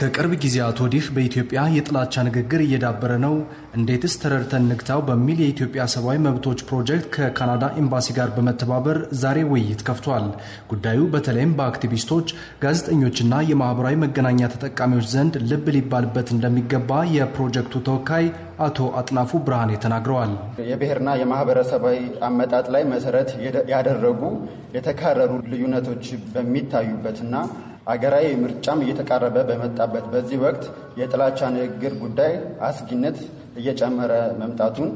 ከቅርብ ጊዜያት ወዲህ በኢትዮጵያ የጥላቻ ንግግር እየዳበረ ነው፣ እንዴትስ ተረድተን ንግታው በሚል የኢትዮጵያ ሰብአዊ መብቶች ፕሮጀክት ከካናዳ ኤምባሲ ጋር በመተባበር ዛሬ ውይይት ከፍቷል። ጉዳዩ በተለይም በአክቲቪስቶች ጋዜጠኞችና የማህበራዊ መገናኛ ተጠቃሚዎች ዘንድ ልብ ሊባልበት እንደሚገባ የፕሮጀክቱ ተወካይ አቶ አጥናፉ ብርሃኔ ተናግረዋል። የብሔርና የማህበረሰባዊ አመጣጥ ላይ መሰረት ያደረጉ የተካረሩ ልዩነቶች በሚታዩበትና አገራዊ ምርጫም እየተቃረበ በመጣበት በዚህ ወቅት የጥላቻ ንግግር ጉዳይ አስጊነት እየጨመረ መምጣቱን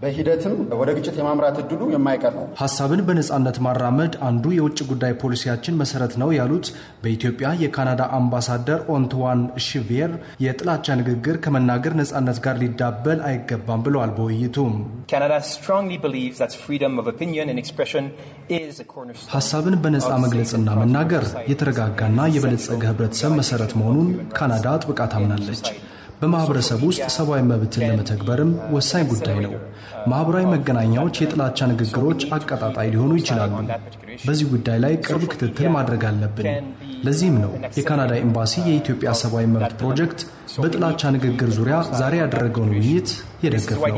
በሂደትም ወደ ግጭት የማምራት እድሉ የማይቀር ነው። ሀሳብን በነጻነት ማራመድ አንዱ የውጭ ጉዳይ ፖሊሲያችን መሰረት ነው ያሉት በኢትዮጵያ የካናዳ አምባሳደር ኦንትዋን ሽቬር የጥላቻ ንግግር ከመናገር ነጻነት ጋር ሊዳበል አይገባም ብለዋል። በውይይቱ ሀሳብን በነጻ መግለጽና መናገር የተረጋጋና የበለጸገ ህብረተሰብ መሰረት መሆኑን ካናዳ ጥብቃ ታምናለች። በማህበረሰብ ውስጥ ሰብአዊ መብትን ለመተግበርም ወሳኝ ጉዳይ ነው። ማህበራዊ መገናኛዎች የጥላቻ ንግግሮች አቀጣጣይ ሊሆኑ ይችላሉ። በዚህ ጉዳይ ላይ ቅርብ ክትትል ማድረግ አለብን። ለዚህም ነው የካናዳ ኤምባሲ የኢትዮጵያ ሰብአዊ መብት ፕሮጀክት በጥላቻ ንግግር ዙሪያ ዛሬ ያደረገውን ውይይት የደገፍ ነው።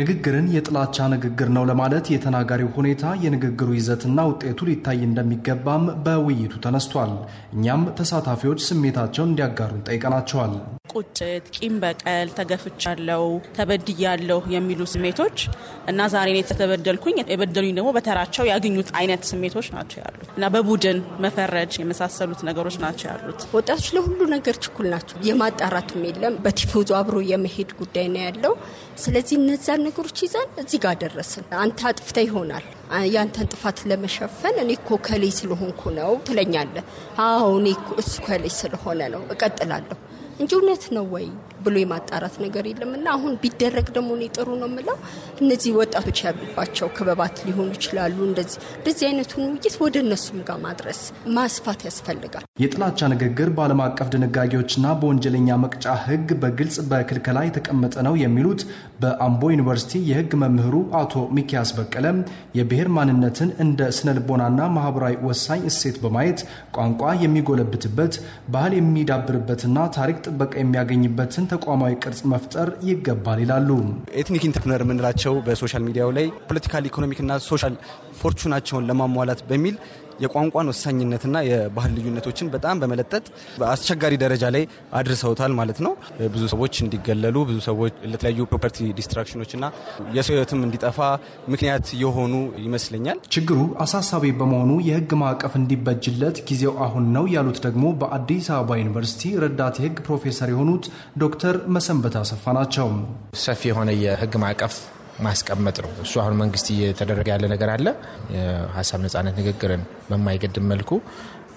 ንግግርን የጥላቻ ንግግር ነው ለማለት የተናጋሪው ሁኔታ የንግግሩ ይዘትና ውጤቱ ሊታይ እንደሚገባም በውይይቱ ተነስቷል። እኛም ተሳታፊዎች ስሜታቸውን እንዲያጋሩን ጠይቀናቸዋል። ቁጭት፣ ቂም በቀል፣ ተገፍቻለው፣ ተበድያለሁ የሚሉ ስሜቶች እና ዛሬ እኔ ተበደልኩኝ የበደሉኝ ደግሞ በተራቸው ያገኙት አይነት ስሜቶች ናቸው ያሉት እና በቡድን መፈረጅ የመሳሰሉት ነገሮች ናቸው ያሉት። ወጣቶች ለሁሉ ነገር ችኩል ናቸው። የማጣራትም የለም በቲፎዞ አብሮ የመሄድ ጉዳይ ነው ያለው። ስለዚህ እነዛን ነገሮች ይዘን እዚህ ጋር ደረስን። አንተ አጥፍተ ይሆናል ያንተን ጥፋት ለመሸፈን እኔ እኮ ከሌ ስለሆንኩ ነው ትለኛለ። አዎ እኔ እሱ ከሌ ስለሆነ ነው እቀጥላለሁ እንጂ እውነት ነው ወይ? ብሎ የማጣራት ነገር የለም እና አሁን ቢደረግ ደግሞ እኔ ጥሩ ነው የምለው እነዚህ ወጣቶች ያሉባቸው ክበባት ሊሆኑ ይችላሉ። እንደዚህ እንደዚህ አይነቱን ውይይት ወደ እነሱም ጋር ማድረስ ማስፋት ያስፈልጋል። የጥላቻ ንግግር በዓለም አቀፍ ድንጋጌዎችና በወንጀለኛ መቅጫ ሕግ በግልጽ በክልከላ የተቀመጠ ነው የሚሉት በአምቦ ዩኒቨርሲቲ የሕግ መምህሩ አቶ ሚኪያስ በቀለም የብሔር ማንነትን እንደ ስነ ልቦናና ማህበራዊ ወሳኝ እሴት በማየት ቋንቋ የሚጎለብትበት ባህል የሚዳብርበትና ታሪክ ጥበቃ የሚያገኝበትን ተቋማዊ ቅርጽ መፍጠር ይገባል ይላሉ። ኤትኒክ ኢንተርፕነር የምንላቸው በሶሻል ሚዲያው ላይ ፖለቲካል ኢኮኖሚክና ሶሻል ፎርቹናቸውን ለማሟላት በሚል የቋንቋን ወሳኝነትና የባህል ልዩነቶችን በጣም በመለጠጥ በአስቸጋሪ ደረጃ ላይ አድርሰውታል ማለት ነው። ብዙ ሰዎች እንዲገለሉ፣ ብዙ ሰዎች ለተለያዩ ፕሮፐርቲ ዲስትራክሽኖችና የሰው ሕይወትም እንዲጠፋ ምክንያት የሆኑ ይመስለኛል። ችግሩ አሳሳቢ በመሆኑ የህግ ማዕቀፍ እንዲበጅለት ጊዜው አሁን ነው ያሉት ደግሞ በአዲስ አበባ ዩኒቨርሲቲ ረዳት የህግ ፕሮፌሰር የሆኑት ዶክተር መሰንበት አሰፋ ናቸው። ሰፊ የሆነ የህግ ማዕቀፍ ማስቀመጥ ነው። እሱ አሁን መንግስት እየተደረገ ያለ ነገር አለ። የሀሳብ ነጻነት ንግግርን በማይገድም መልኩ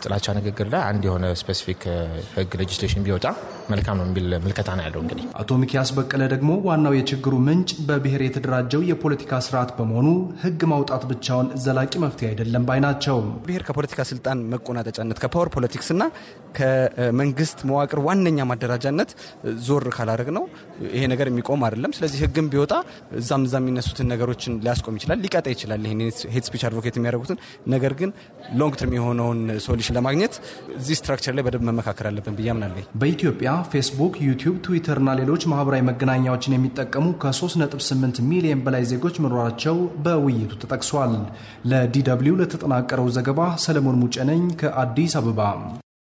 ጥላቻ ንግግር ላይ አንድ የሆነ ስፔሲፊክ uh, ህግ ሌጅስሌሽን ቢወጣ መልካም ነው የሚል ምልከታ ነው ያለው። እንግዲህ አቶ ሚኪያስ በቀለ ደግሞ ዋናው የችግሩ ምንጭ በብሔር የተደራጀው የፖለቲካ ስርዓት በመሆኑ ህግ ማውጣት ብቻውን ዘላቂ መፍትሄ አይደለም ባይ ናቸው። ብሔር ከፖለቲካ ስልጣን መቆናጠጫነት ከፓወር ፖለቲክስና ከመንግስት መዋቅር ዋነኛ ማደራጃነት ዞር ካላደረግ ነው ይሄ ነገር የሚቆም አይደለም። ስለዚህ ህግም ቢወጣ እዛም እዛ የሚነሱትን ነገሮችን ሊያስቆም ይችላል፣ ሊቀጣ ይችላል ይሄ ሄት ስፒች አድቮኬት የሚያደርጉትን። ነገር ግን ሎንግ ተርም የሆነውን ሶሉሽን ለማግኘት እዚህ ስትራክቸር ላይ በደንብ መመካከር አለብን ብዬ አምናለሁ። በኢትዮጵያ ፌስቡክ፣ ዩቲዩብ፣ ትዊተርና ሌሎች ማህበራዊ መገናኛዎችን የሚጠቀሙ ከ3.8 ሚሊዮን በላይ ዜጎች መኖራቸው በውይይቱ ተጠቅሷል። ለዲ ደብልዩ ለተጠናቀረው ዘገባ ሰለሞን ሙጨነኝ ከአዲስ አበባ